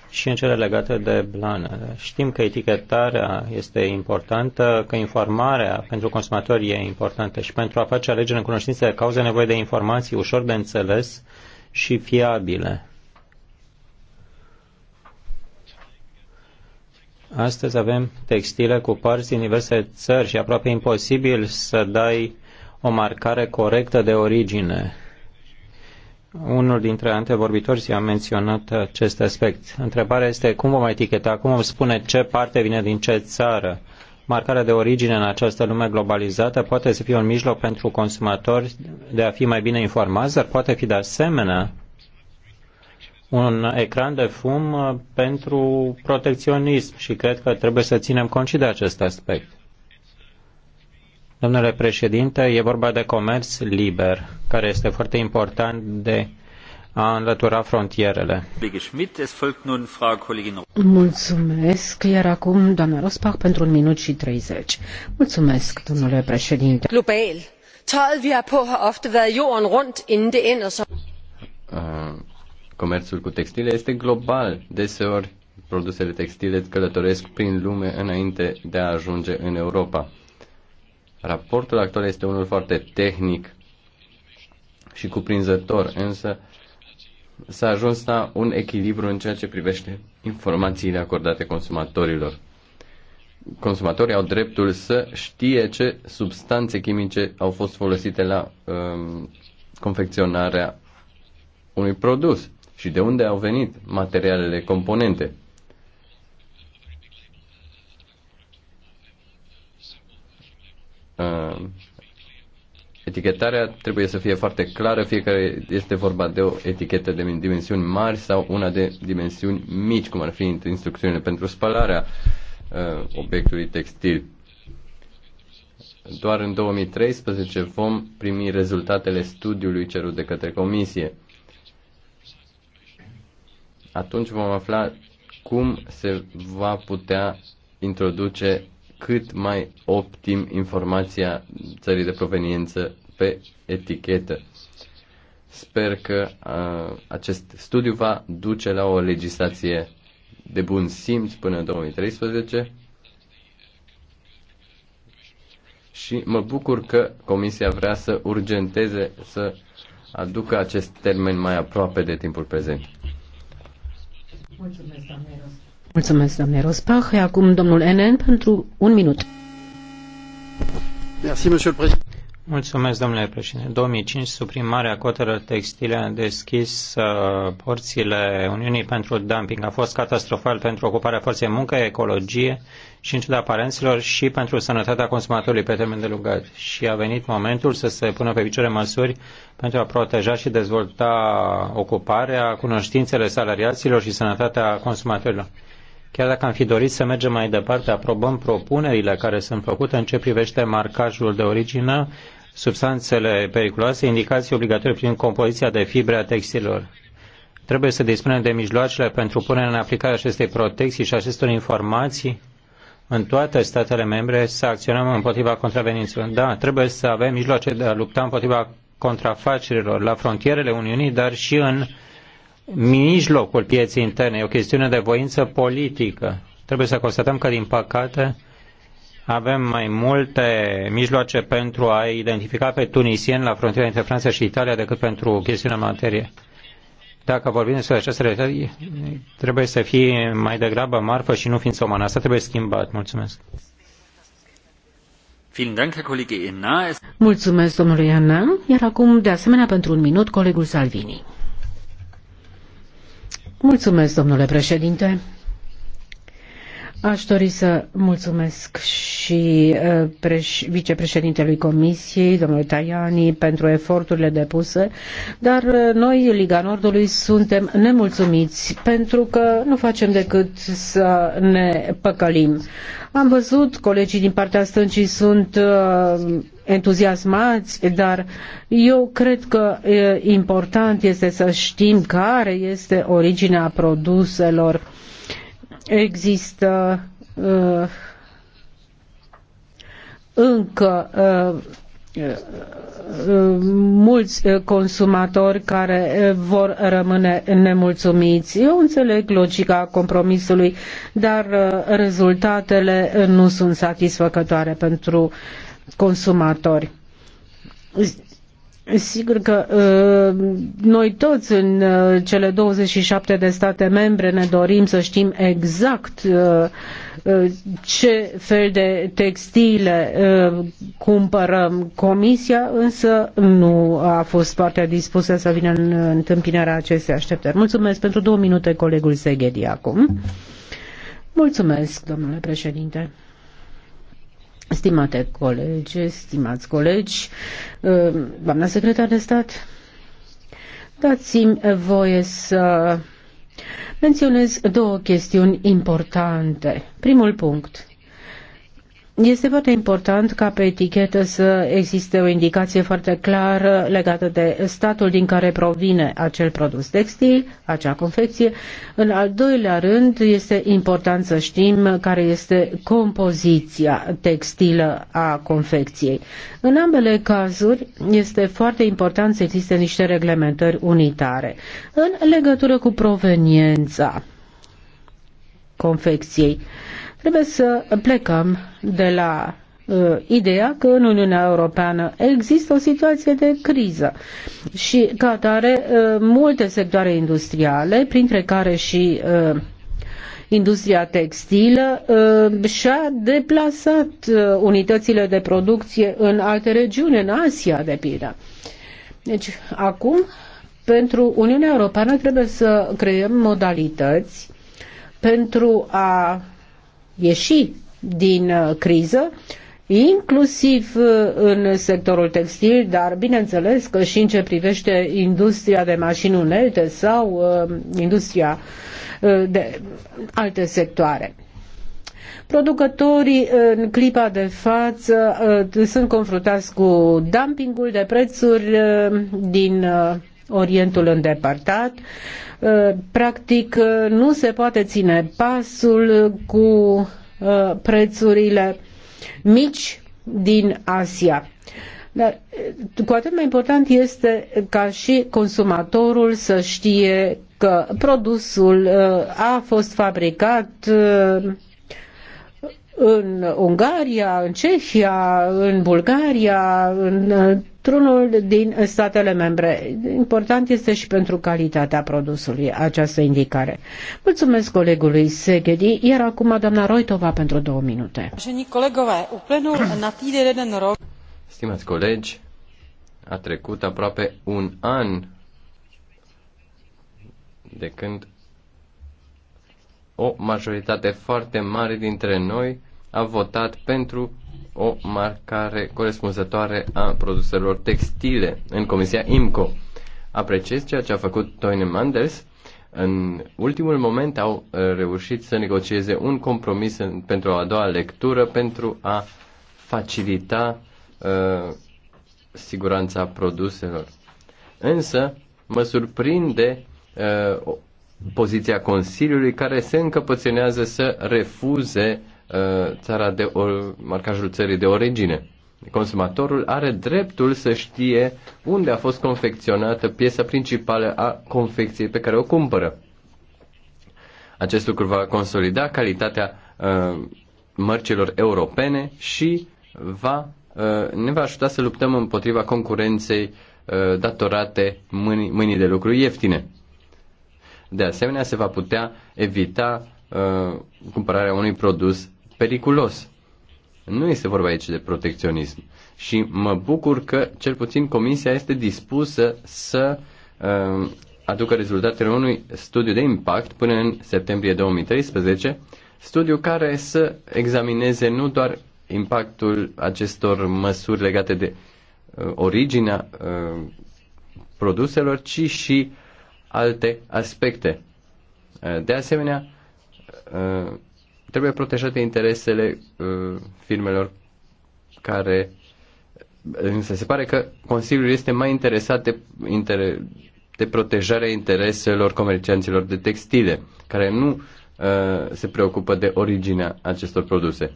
și în cele legate de blană. Știm că etichetarea este importantă, că informarea pentru consumatori e importantă și pentru a face alegeri în cunoștință de cauză nevoie de informații ușor de înțeles și fiabile. Astăzi avem textile cu părți din diverse țări și aproape imposibil să dai o marcare corectă de origine. Unul dintre antevorbitori și a menționat acest aspect. Întrebarea este cum vom eticheta, cum vom spune ce parte vine din ce țară. Marcarea de origine în această lume globalizată poate să fie un mijloc pentru consumatori de a fi mai bine informați, dar poate fi de asemenea un ecran de fum uh, pentru protecționism și cred că trebuie să ținem cont și de acest aspect. Domnule președinte, e vorba de comerț liber, care este foarte important de a înlătura frontierele. Mulțumesc, iar acum doamna Rospach, pentru un minut și 30. Mulțumesc, domnule președinte. Global. Tøjet vi har på ofte været jorden rundt, inden det ender som... Uh Comerțul cu textile este global. Deseori, produsele textile călătoresc prin lume înainte de a ajunge în Europa. Raportul actual este unul foarte tehnic și cuprinzător, însă s-a ajuns la un echilibru în ceea ce privește informațiile acordate consumatorilor. Consumatorii au dreptul să știe ce substanțe chimice au fost folosite la um, confecționarea unui produs și de unde au venit materialele componente. Uh, etichetarea trebuie să fie foarte clară, fiecare este vorba de o etichetă de dimensiuni mari sau una de dimensiuni mici, cum ar fi instrucțiunile pentru spălarea uh, obiectului textil. Doar în 2013 vom primi rezultatele studiului cerut de către comisie atunci vom afla cum se va putea introduce cât mai optim informația țării de proveniență pe etichetă. Sper că uh, acest studiu va duce la o legislație de bun simț până în 2013 și mă bucur că Comisia vrea să urgenteze, să aducă acest termen mai aproape de timpul prezent. Mulțumesc, doamne Rosbach. Mulțumesc, doamne Acum domnul Enen pentru un minut. Merci, monsieur le président. Mulțumesc, domnule președinte. 2005, suprimarea cotelor textile a deschis uh, porțile Uniunii pentru dumping. A fost catastrofal pentru ocuparea forței muncă, ecologie și, în ciuda aparenților, și pentru sănătatea consumatorului pe termen de lungat. Și a venit momentul să se pună pe picioare măsuri pentru a proteja și dezvolta ocuparea, cunoștințele salariaților și sănătatea consumatorilor. Chiar dacă am fi dorit să mergem mai departe, aprobăm propunerile care sunt făcute în ce privește marcajul de origine, substanțele periculoase, indicații obligatorii prin compoziția de fibre a textilor. Trebuie să dispunem de mijloacele pentru punerea în aplicare acestei protecții și acestor informații în toate statele membre să acționăm împotriva contravenințelor. Da, trebuie să avem mijloace de a lupta împotriva contrafacerilor la frontierele Uniunii, dar și în uh, mijlocul pieței interne, e o chestiune de voință politică. Trebuie să constatăm că, din păcate, avem mai multe mijloace pentru a identifica pe tunisieni la frontiera între Franța și Italia decât pentru chestiunea materie. Dacă vorbim despre această realitate, trebuie să fie mai degrabă marfă și nu ființă umană. Asta trebuie schimbat. Mulțumesc. Mulțumesc, domnului Ana. Iar acum, de asemenea, pentru un minut, colegul Salvini. Mulțumesc, domnule președinte. Aș dori să mulțumesc și uh, preș- vicepreședintelui Comisiei, domnului Tajani, pentru eforturile depuse, dar uh, noi, Liga Nordului, suntem nemulțumiți pentru că nu facem decât să ne păcălim. Am văzut, colegii din partea stâncii sunt uh, entuziasmați, dar eu cred că important este să știm care este originea produselor. Există uh, încă uh, mulți consumatori care vor rămâne nemulțumiți. Eu înțeleg logica compromisului, dar rezultatele nu sunt satisfăcătoare pentru consumatori. Sigur că uh, noi toți în uh, cele 27 de state membre ne dorim să știm exact uh, ce fel de textile cumpărăm. Comisia însă nu a fost foarte dispusă să vină în întâmpinarea acestei așteptări. Mulțumesc pentru două minute colegul Seghedi acum. Mulțumesc, domnule președinte. Stimate colegi, stimați colegi, uh, doamna secretar de stat, dați-mi voie să menționez două chestiuni importante. Primul punct. Este foarte important ca pe etichetă să existe o indicație foarte clară legată de statul din care provine acel produs textil, acea confecție. În al doilea rând, este important să știm care este compoziția textilă a confecției. În ambele cazuri, este foarte important să existe niște reglementări unitare. În legătură cu proveniența confecției, Trebuie să plecăm de la uh, ideea că în Uniunea Europeană există o situație de criză și, ca atare, uh, multe sectoare industriale, printre care și uh, industria textilă uh, și-a deplasat uh, unitățile de producție în alte regiuni, în Asia, de pildă. Deci, acum, pentru Uniunea Europeană trebuie să creăm modalități pentru a ieși din uh, criză, inclusiv uh, în sectorul textil, dar bineînțeles că și în ce privește industria de mașini unelte sau uh, industria de alte sectoare. Producătorii în clipa de față sunt confruntați cu dumpingul de prețuri din Orientul îndepărtat, Uh, practic uh, nu se poate ține pasul cu uh, prețurile mici din Asia. Dar cu atât mai important este ca și consumatorul să știe că produsul a fost fabricat în Ungaria, în Cehia, în Bulgaria, în într-unul din statele membre. Important este și pentru calitatea produsului această indicare. Mulțumesc colegului Seghedi, iar acum doamna Roitova pentru două minute. Stimați colegi, a trecut aproape un an de când o majoritate foarte mare dintre noi a votat pentru o marcare corespunzătoare a produselor textile în Comisia IMCO. Apreciez ceea ce a făcut Toine Manders. În ultimul moment au uh, reușit să negocieze un compromis în, pentru a doua lectură pentru a facilita uh, siguranța produselor. Însă, mă surprinde uh, poziția Consiliului care se încăpățânează să refuze uh, Uh, țara de o, marcajul țării de origine. Consumatorul are dreptul să știe unde a fost confecționată piesa principală a confecției pe care o cumpără. Acest lucru va consolida calitatea uh, mărcilor europene și va, uh, ne va ajuta să luptăm împotriva concurenței uh, datorate mâinii, mâinii de lucru ieftine. De asemenea, se va putea evita uh, cumpărarea unui produs periculos. Nu este vorba aici de protecționism. Și mă bucur că, cel puțin, Comisia este dispusă să uh, aducă rezultatele unui studiu de impact până în septembrie 2013, studiu care să examineze nu doar impactul acestor măsuri legate de uh, originea uh, produselor, ci și alte aspecte. Uh, de asemenea, uh, Trebuie protejate interesele uh, firmelor care. Însă se pare că Consiliul este mai interesat de, inter, de protejarea intereselor comercianților de textile, care nu uh, se preocupă de originea acestor produse.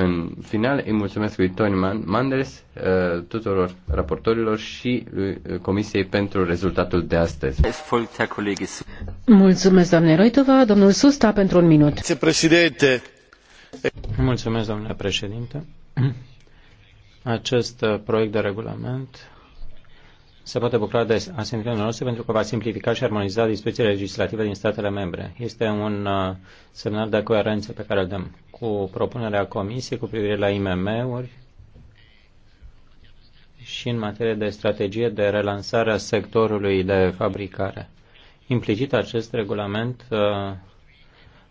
În final, îi mulțumesc lui Tony Manders, uh, tuturor raportorilor și uh, Comisiei pentru rezultatul de astăzi. Mulțumesc, doamne Roitova. Domnul Susta, pentru un minut. Președinte. Mulțumesc, domnule președinte. Acest uh, proiect de regulament se poate bucura de asentimentul nostru pentru că va simplifica și armoniza dispozițiile legislative din statele membre. Este un uh, semnal de coerență pe care îl dăm cu propunerea Comisiei cu privire la IMM-uri și în materie de strategie de relansare a sectorului de fabricare. Implicit acest regulament uh,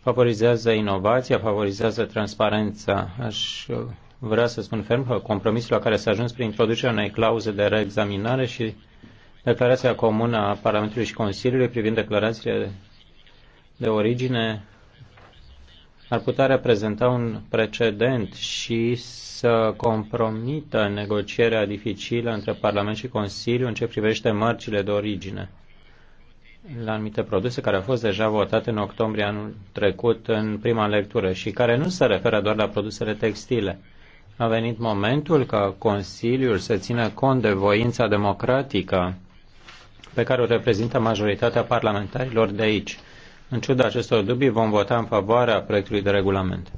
favorizează inovația, favorizează transparența. Aș vrea să spun ferm că compromisul la care s-a ajuns prin introducerea unei clauze de reexaminare și Declarația comună a Parlamentului și Consiliului privind declarațiile de origine ar putea reprezenta un precedent și să compromită negocierea dificilă între Parlament și Consiliu în ce privește mărcile de origine la anumite produse care au fost deja votate în octombrie anul trecut în prima lectură și care nu se referă doar la produsele textile. A venit momentul ca Consiliul să țină cont de voința democratică pe care o reprezintă majoritatea parlamentarilor de aici. În ciuda acestor dubii, vom vota în favoarea proiectului de regulament.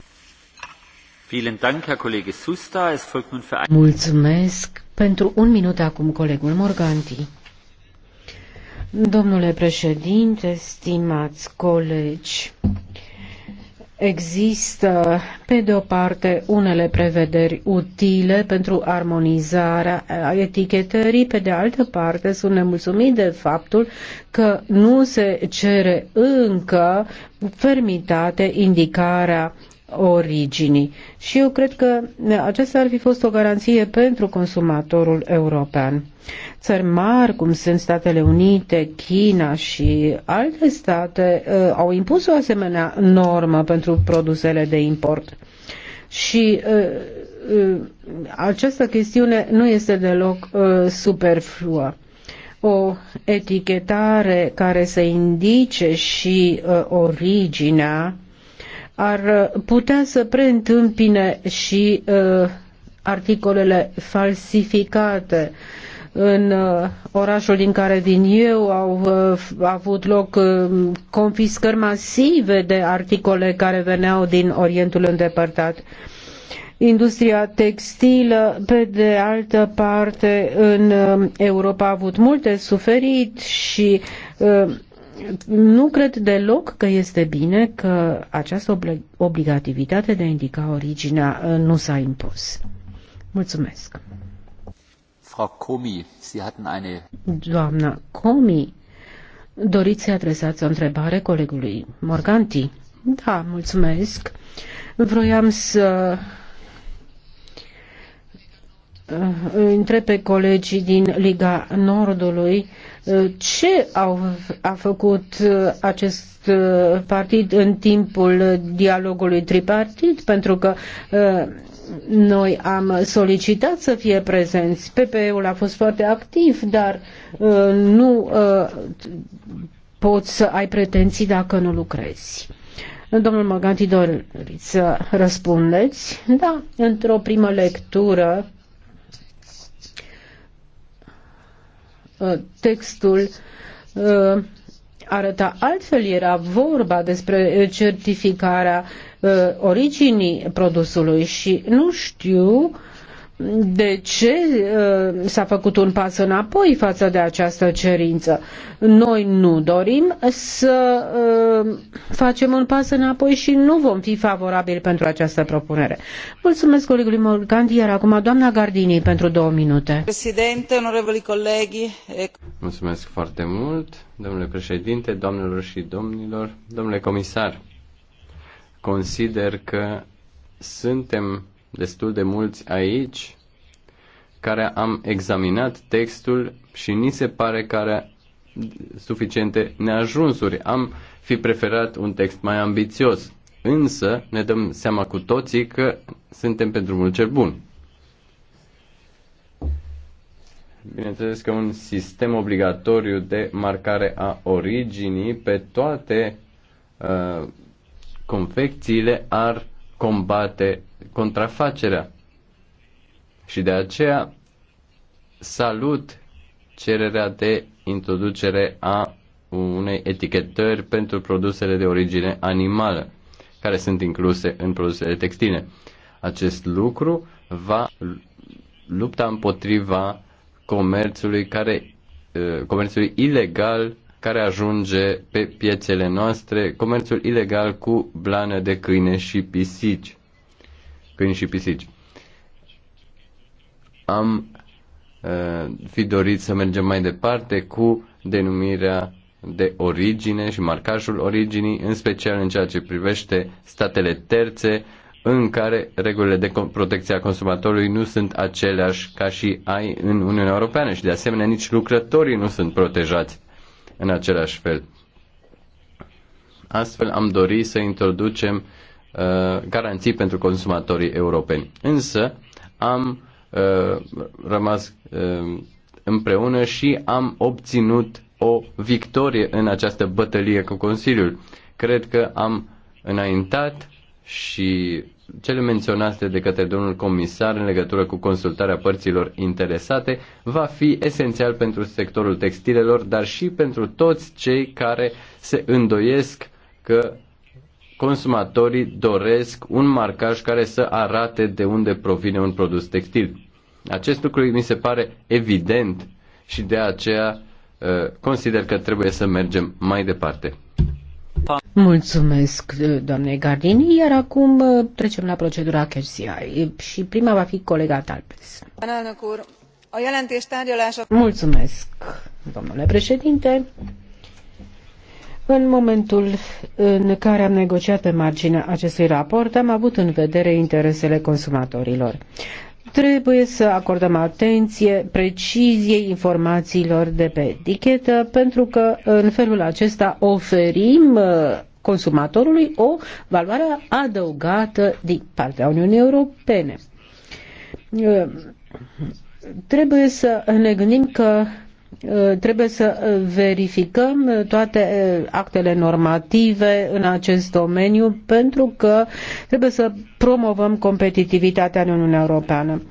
Mulțumesc. Pentru un minut acum, colegul Morganti. Domnule președinte, stimați colegi, Există, pe de o parte, unele prevederi utile pentru armonizarea etichetării, pe de altă parte, sunt nemulțumit de faptul că nu se cere încă fermitate indicarea originii. Și eu cred că aceasta ar fi fost o garanție pentru consumatorul european. Țări mari, cum sunt Statele Unite, China și alte state, uh, au impus o asemenea normă pentru produsele de import. Și uh, uh, această chestiune nu este deloc superfluă o etichetare care să indice și uh, originea ar putea să preîntâmpine și uh, articolele falsificate. În uh, orașul din care vin eu au uh, avut loc uh, confiscări masive de articole care veneau din Orientul îndepărtat. Industria textilă, pe de altă parte, în uh, Europa a avut multe suferit și uh, nu cred deloc că este bine că această obligativitate de a indica originea uh, nu s-a impus. Mulțumesc. Frau Comi, Sie hatten eine... Doamna Comi, doriți să adresați o întrebare colegului Morganti? Da, mulțumesc. Vroiam să uh, întreb pe colegii din Liga Nordului Uh, ce au, a făcut uh, acest uh, partid în timpul dialogului tripartit, pentru că noi am solicitat să fie prezenți. PPE-ul a fost foarte activ, dar nu poți să ai pretenții dacă nu lucrezi. Domnul Maganti, doriți să răspundeți? Da, într-o primă lectură Uh, textul uh, arăta altfel, era vorba despre certificarea uh, originii produsului și nu știu de ce uh, s-a făcut un pas înapoi față de această cerință? Noi nu dorim să uh, facem un pas înapoi și nu vom fi favorabili pentru această propunere. Mulțumesc colegului Morgandi, iar acum doamna Gardini pentru două minute. Președinte, onorevoli colegi. Mulțumesc foarte mult, domnule președinte, doamnelor și domnilor, domnule comisar. Consider că suntem destul de mulți aici care am examinat textul și ni se pare că are suficiente neajunsuri. Am fi preferat un text mai ambițios, însă ne dăm seama cu toții că suntem pe drumul cel bun. Bineînțeles că un sistem obligatoriu de marcare a originii pe toate uh, confecțiile ar combate contrafacerea. Și de aceea salut cererea de introducere a unei etichetări pentru produsele de origine animală, care sunt incluse în produsele textile. Acest lucru va lupta împotriva comerțului, care, ă, comerțului ilegal care ajunge pe piețele noastre, comerțul ilegal cu blană de câine și pisici câini și pisici. Am uh, fi dorit să mergem mai departe cu denumirea de origine și marcajul originii, în special în ceea ce privește statele terțe, în care regulile de protecție a consumatorului nu sunt aceleași ca și ai în Uniunea Europeană și de asemenea nici lucrătorii nu sunt protejați în același fel. Astfel am dorit să introducem Uh, garanții pentru consumatorii europeni. Însă am uh, rămas uh, împreună și am obținut o victorie în această bătălie cu Consiliul. Cred că am înaintat și cele menționate de către domnul comisar în legătură cu consultarea părților interesate va fi esențial pentru sectorul textilelor, dar și pentru toți cei care se îndoiesc că consumatorii doresc un marcaj care să arate de unde provine un produs textil. Acest lucru mi se pare evident și de aceea uh, consider că trebuie să mergem mai departe. Mulțumesc, uh, doamne Gardini, iar acum uh, trecem la procedura CHCI și prima va fi colega Talpes. Mulțumesc, domnule președinte. În momentul în care am negociat pe marginea acestui raport, am avut în vedere interesele consumatorilor. Trebuie să acordăm atenție preciziei informațiilor de pe etichetă, pentru că în felul acesta oferim uh, consumatorului o valoare adăugată din partea Uniunii Europene. Uh, trebuie să ne gândim că Uh, trebuie să uh, verificăm uh, toate actele normative în acest domeniu pentru că trebuie să promovăm competitivitatea în Uniunea Europeană.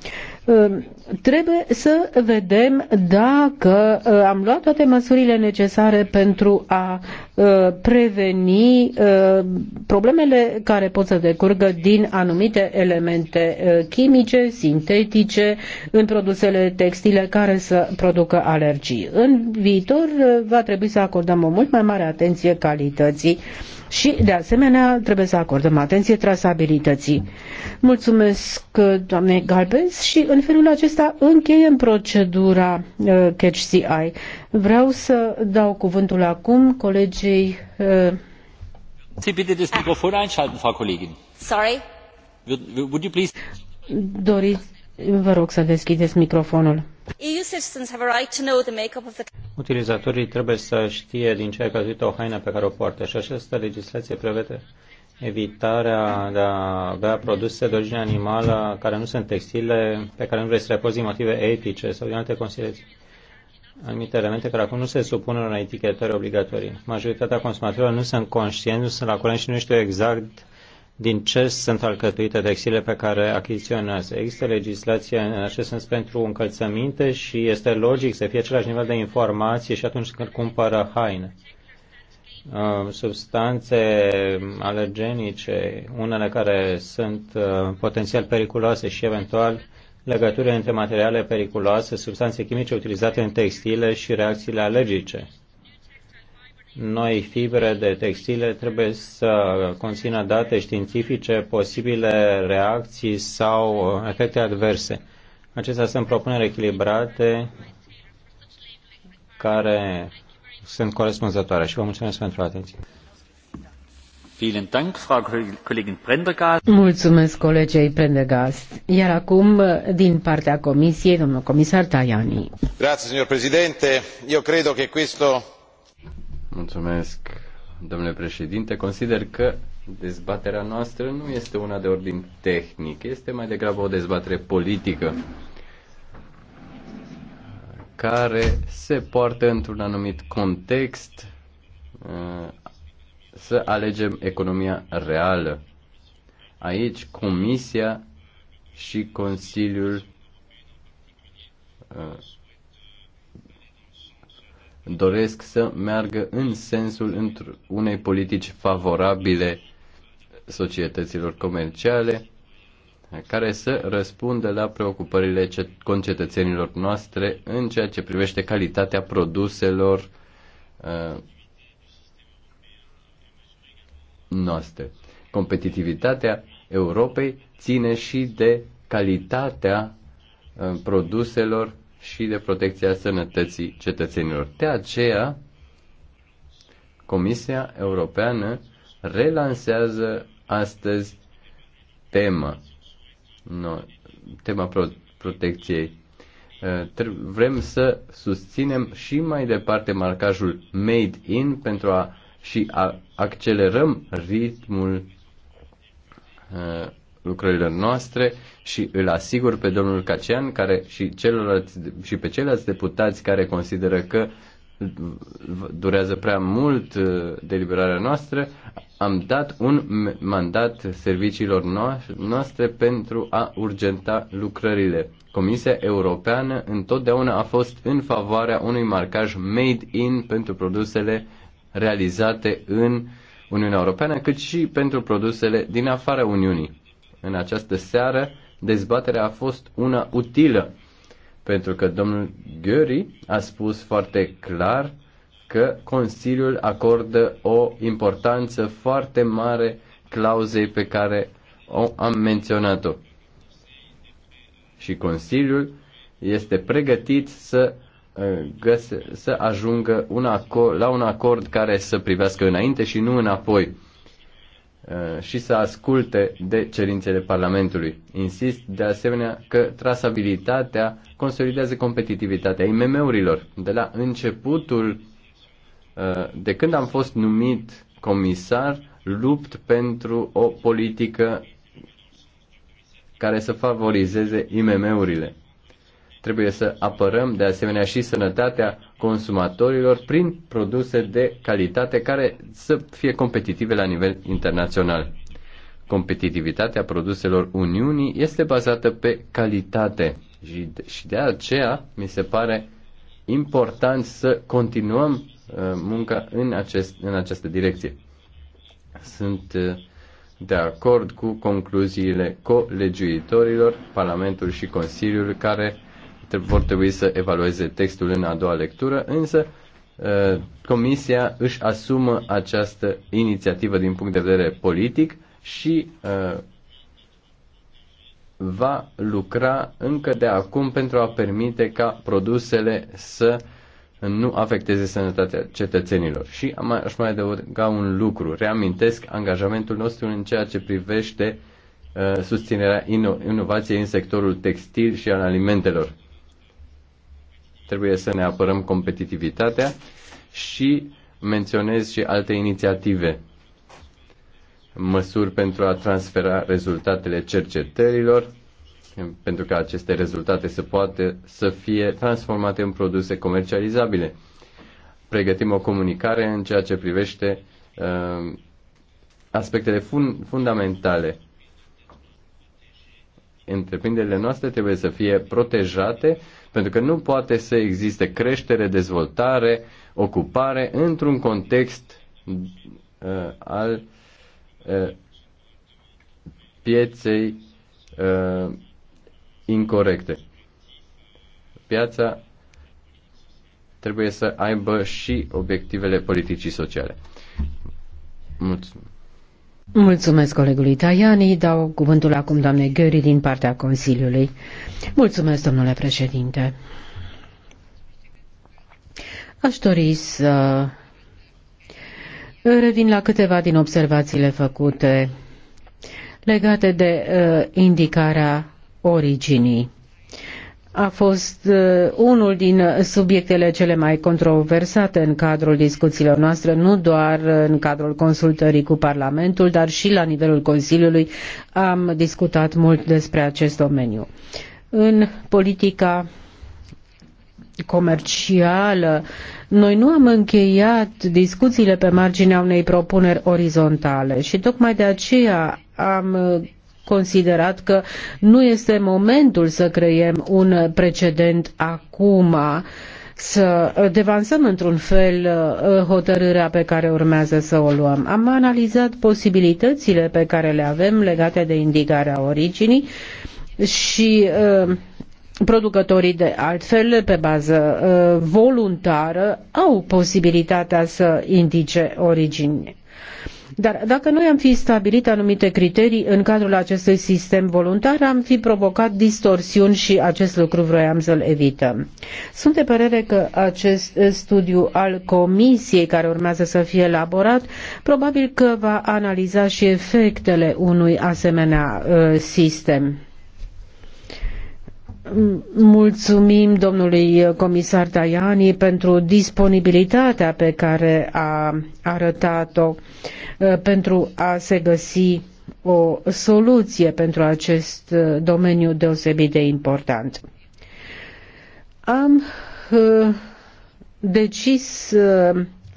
Trebuie să vedem dacă uh, am luat toate măsurile necesare pentru a uh, preveni uh, problemele care pot să decurgă din anumite elemente chimice, sintetice, în produsele textile care să producă alergii. În viitor va trebui să acordăm o mult mai mare atenție calității și, de asemenea, trebuie să acordăm atenție trasabilității. Mulțumesc, doamne Galbez, și în felul acesta încheiem procedura uh, Catch CI. Vreau să dau cuvântul acum colegei. Uh... Sie bitte das Mikrofon einschalten, Frau Kollegin. Sorry. Would, would you please... Doriți, vă rog să deschideți microfonul. EU citizens have a right to know the makeup of the utilizatorii trebuie să știe din ce a căzut o haină pe care o poartă și această legislație prevede evitarea de a avea produse de origine animală care nu sunt textile, pe care nu vrei să le poți din motive etice sau din alte considerații. Anumite elemente care acum nu se supun în etichetări obligatorii. Majoritatea consumatorilor nu sunt conștienți, nu sunt la curent și nu știu exact din ce sunt alcătuite textile pe care achiziționează. Există legislație în acest sens pentru încălțăminte și este logic să fie același nivel de informație și atunci când cumpără haine. Uh, substanțe alergenice, unele care sunt uh, potențial periculoase și eventual legăturile între materiale periculoase, substanțe chimice utilizate în textile și reacțiile alergice noi fibre de textile trebuie să conțină date științifice, posibile reacții sau uh, efecte adverse. Acestea sunt propuneri echilibrate care sunt corespunzătoare și vă mulțumesc pentru atenție. Mulțumesc colegei Prendergast. Iar acum, din partea Comisiei, domnul comisar Tajani. Grazie, signor Presidente. Eu cred că questo Mulțumesc, domnule președinte. Consider că dezbaterea noastră nu este una de ordin tehnic, este mai degrabă o dezbatere politică care se poartă într-un anumit context uh, să alegem economia reală. Aici Comisia și Consiliul uh, doresc să meargă în sensul unei politici favorabile societăților comerciale care să răspundă la preocupările concetățenilor noastre în ceea ce privește calitatea produselor uh, noastre. Competitivitatea Europei ține și de calitatea uh, produselor și de protecția sănătății cetățenilor. De aceea, Comisia Europeană relansează astăzi tema, no, tema pro- protecției. Eh, vrem să susținem și mai departe marcajul Made in pentru a și a accelerăm ritmul eh, lucrările noastre și îl asigur pe domnul Cacian care și, celălalt, și pe ceilalți deputați care consideră că durează prea mult uh, deliberarea noastră, am dat un mandat serviciilor noastre pentru a urgenta lucrările. Comisia Europeană întotdeauna a fost în favoarea unui marcaj made in pentru produsele realizate în Uniunea Europeană, cât și pentru produsele din afara Uniunii în această seară, dezbaterea a fost una utilă, pentru că domnul Gheori a spus foarte clar că Consiliul acordă o importanță foarte mare clauzei pe care o am menționat-o. Și Consiliul este pregătit să, uh, găse, să ajungă un acord, la un acord care să privească înainte și nu înapoi Uh, și să asculte de cerințele Parlamentului. Insist de asemenea că trasabilitatea consolidează competitivitatea IMM-urilor. De la începutul, uh, de când am fost numit comisar, lupt pentru o politică care să favorizeze IMM-urile. Trebuie să apărăm de asemenea și sănătatea consumatorilor prin produse de calitate care să fie competitive la nivel internațional. Competitivitatea produselor Uniunii este bazată pe calitate și de aceea mi se pare important să continuăm uh, munca în, acest, în această direcție. Sunt uh, de acord cu concluziile colegiuitorilor, Parlamentul și Consiliul, care vor trebui să evalueze textul în a doua lectură, însă Comisia își asumă această inițiativă din punct de vedere politic și va lucra încă de acum pentru a permite ca produsele să nu afecteze sănătatea cetățenilor. Și aș mai adăuga un lucru. Reamintesc angajamentul nostru în ceea ce privește uh, susținerea ino- inovației în sectorul textil și al alimentelor. Trebuie să ne apărăm competitivitatea și menționez și alte inițiative. Măsuri pentru a transfera rezultatele cercetărilor, pentru ca aceste rezultate să poată să fie transformate în produse comercializabile. Pregătim o comunicare în ceea ce privește uh, aspectele fun- fundamentale. Întreprinderile noastre trebuie să fie protejate pentru că nu poate să existe creștere, dezvoltare, ocupare într-un context uh, al uh, pieței uh, incorrecte. Piața trebuie să aibă și obiectivele politicii sociale. Mulțumesc. Mulțumesc colegului Tajani. Dau cuvântul acum doamnei Gări din partea Consiliului. Mulțumesc, domnule președinte. Aș dori să revin la câteva din observațiile făcute legate de uh, indicarea originii a fost uh, unul din uh, subiectele cele mai controversate în cadrul discuțiilor noastre, nu doar în cadrul consultării cu Parlamentul, dar și la nivelul Consiliului am discutat mult despre acest domeniu. În politica comercială. Noi nu am încheiat discuțiile pe marginea unei propuneri orizontale și tocmai de aceea am uh, considerat că nu este momentul să creiem un precedent acum să devansăm într-un fel uh, hotărârea pe care urmează să o luăm. Am analizat posibilitățile pe care le avem legate de indicarea originii și uh, producătorii de altfel, pe bază uh, voluntară, au posibilitatea să indice origine. Dar dacă noi am fi stabilit anumite criterii în cadrul acestui sistem voluntar, am fi provocat distorsiuni și acest lucru vroiam să-l evităm. Sunt de părere că acest studiu al comisiei care urmează să fie elaborat, probabil că va analiza și efectele unui asemenea uh, sistem. Mulțumim domnului comisar Tajani pentru disponibilitatea pe care a arătat-o uh, pentru a se găsi o soluție pentru acest uh, domeniu deosebit de important. Am uh, decis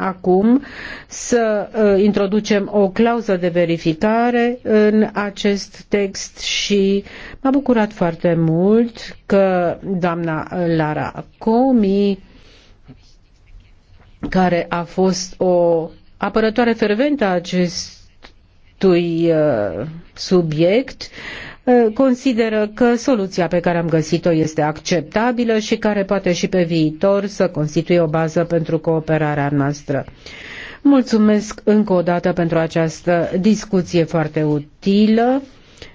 acum să uh, introducem o clauză de verificare în acest text și m-a bucurat foarte mult că doamna Lara Comi, care a fost o apărătoare ferventă a acestui uh, subiect, Ă, consideră că soluția pe care am găsit-o este acceptabilă și care poate și pe viitor să constituie o bază pentru cooperarea noastră. Mulțumesc încă o dată pentru această discuție foarte utilă.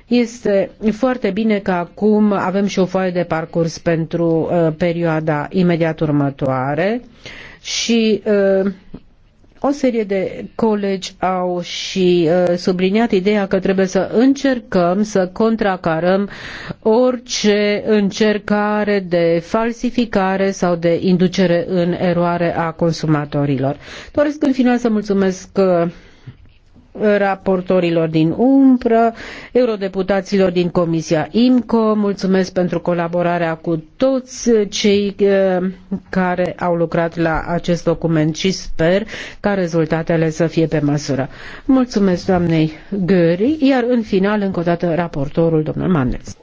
Este foarte bine că acum avem și o foaie de parcurs pentru uh, perioada imediat următoare și uh, o serie de colegi au și uh, subliniat ideea că trebuie să încercăm să contracarăm orice încercare de falsificare sau de inducere în eroare a consumatorilor. Doresc în final să mulțumesc uh, raportorilor din umbră, eurodeputaților din Comisia IMCO. Mulțumesc pentru colaborarea cu toți cei eh, care au lucrat la acest document și sper ca rezultatele să fie pe măsură. Mulțumesc doamnei Gări, iar în final, încă o dată, raportorul domnul Mandels.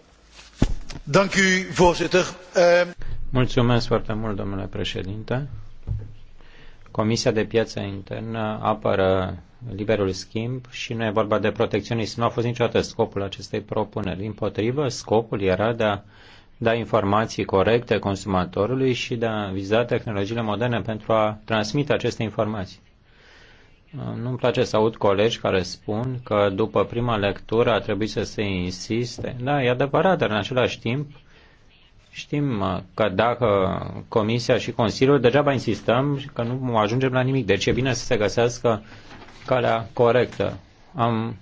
Eh, Mulțumesc foarte mult, domnule președinte. Comisia de Piață Internă apără liberul schimb și nu e vorba de protecționism. Nu a fost niciodată scopul acestei propuneri. Din potrivă, scopul era de a da informații corecte consumatorului și de a viza tehnologiile moderne pentru a transmite aceste informații. Nu-mi place să aud colegi care spun că după prima lectură a trebuit să se insiste. Da, e adevărat, dar în același timp știm că dacă Comisia și Consiliul degeaba insistăm că nu ajungem la nimic. Deci e bine să se găsească calea corectă. Am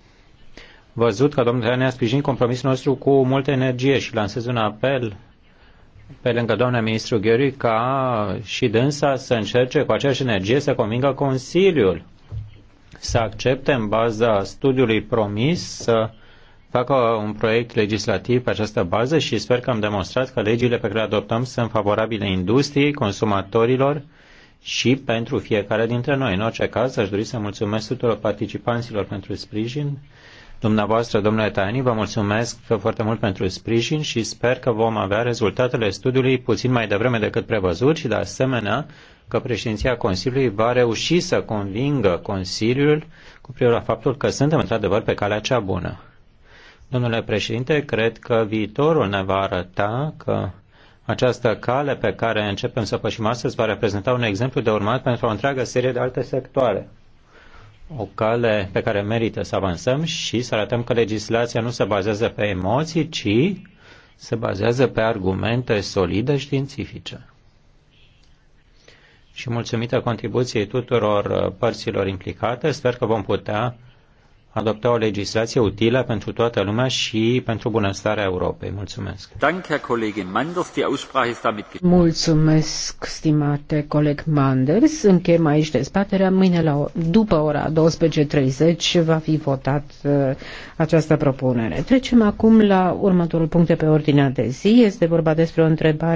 văzut că domnul ne-a sprijinit compromisul nostru cu multă energie și lansez un apel pe lângă doamna ministru Gheori ca și dânsa să încerce cu aceeași energie să convingă Consiliul să accepte în baza studiului promis să facă un proiect legislativ pe această bază și sper că am demonstrat că legile pe care le adoptăm sunt favorabile industriei, consumatorilor, și pentru fiecare dintre noi. În orice caz, aș dori să mulțumesc tuturor participanților pentru sprijin. Dumneavoastră, domnule Tani, vă mulțumesc foarte mult pentru sprijin și sper că vom avea rezultatele studiului puțin mai devreme decât prevăzut și, de asemenea, că președinția Consiliului va reuși să convingă Consiliul cu privire la faptul că suntem într-adevăr pe calea cea bună. Domnule președinte, cred că viitorul ne va arăta că această cale pe care începem să pășim astăzi va reprezenta un exemplu de urmat pentru o întreagă serie de alte sectoare. O cale pe care merită să avansăm și să arătăm că legislația nu se bazează pe emoții, ci se bazează pe argumente solide științifice. Și mulțumită contribuției tuturor uh, părților implicate, sper că vom putea adopta o legislație utilă pentru toată lumea și pentru bunăstarea Europei. Mulțumesc. Mulțumesc, stimate coleg Manders. Încheiem aici dezbaterea. Mâine, la, după ora 12.30, va fi votat uh, această propunere. Trecem acum la următorul punct de pe ordinea de zi. Este vorba despre o întrebare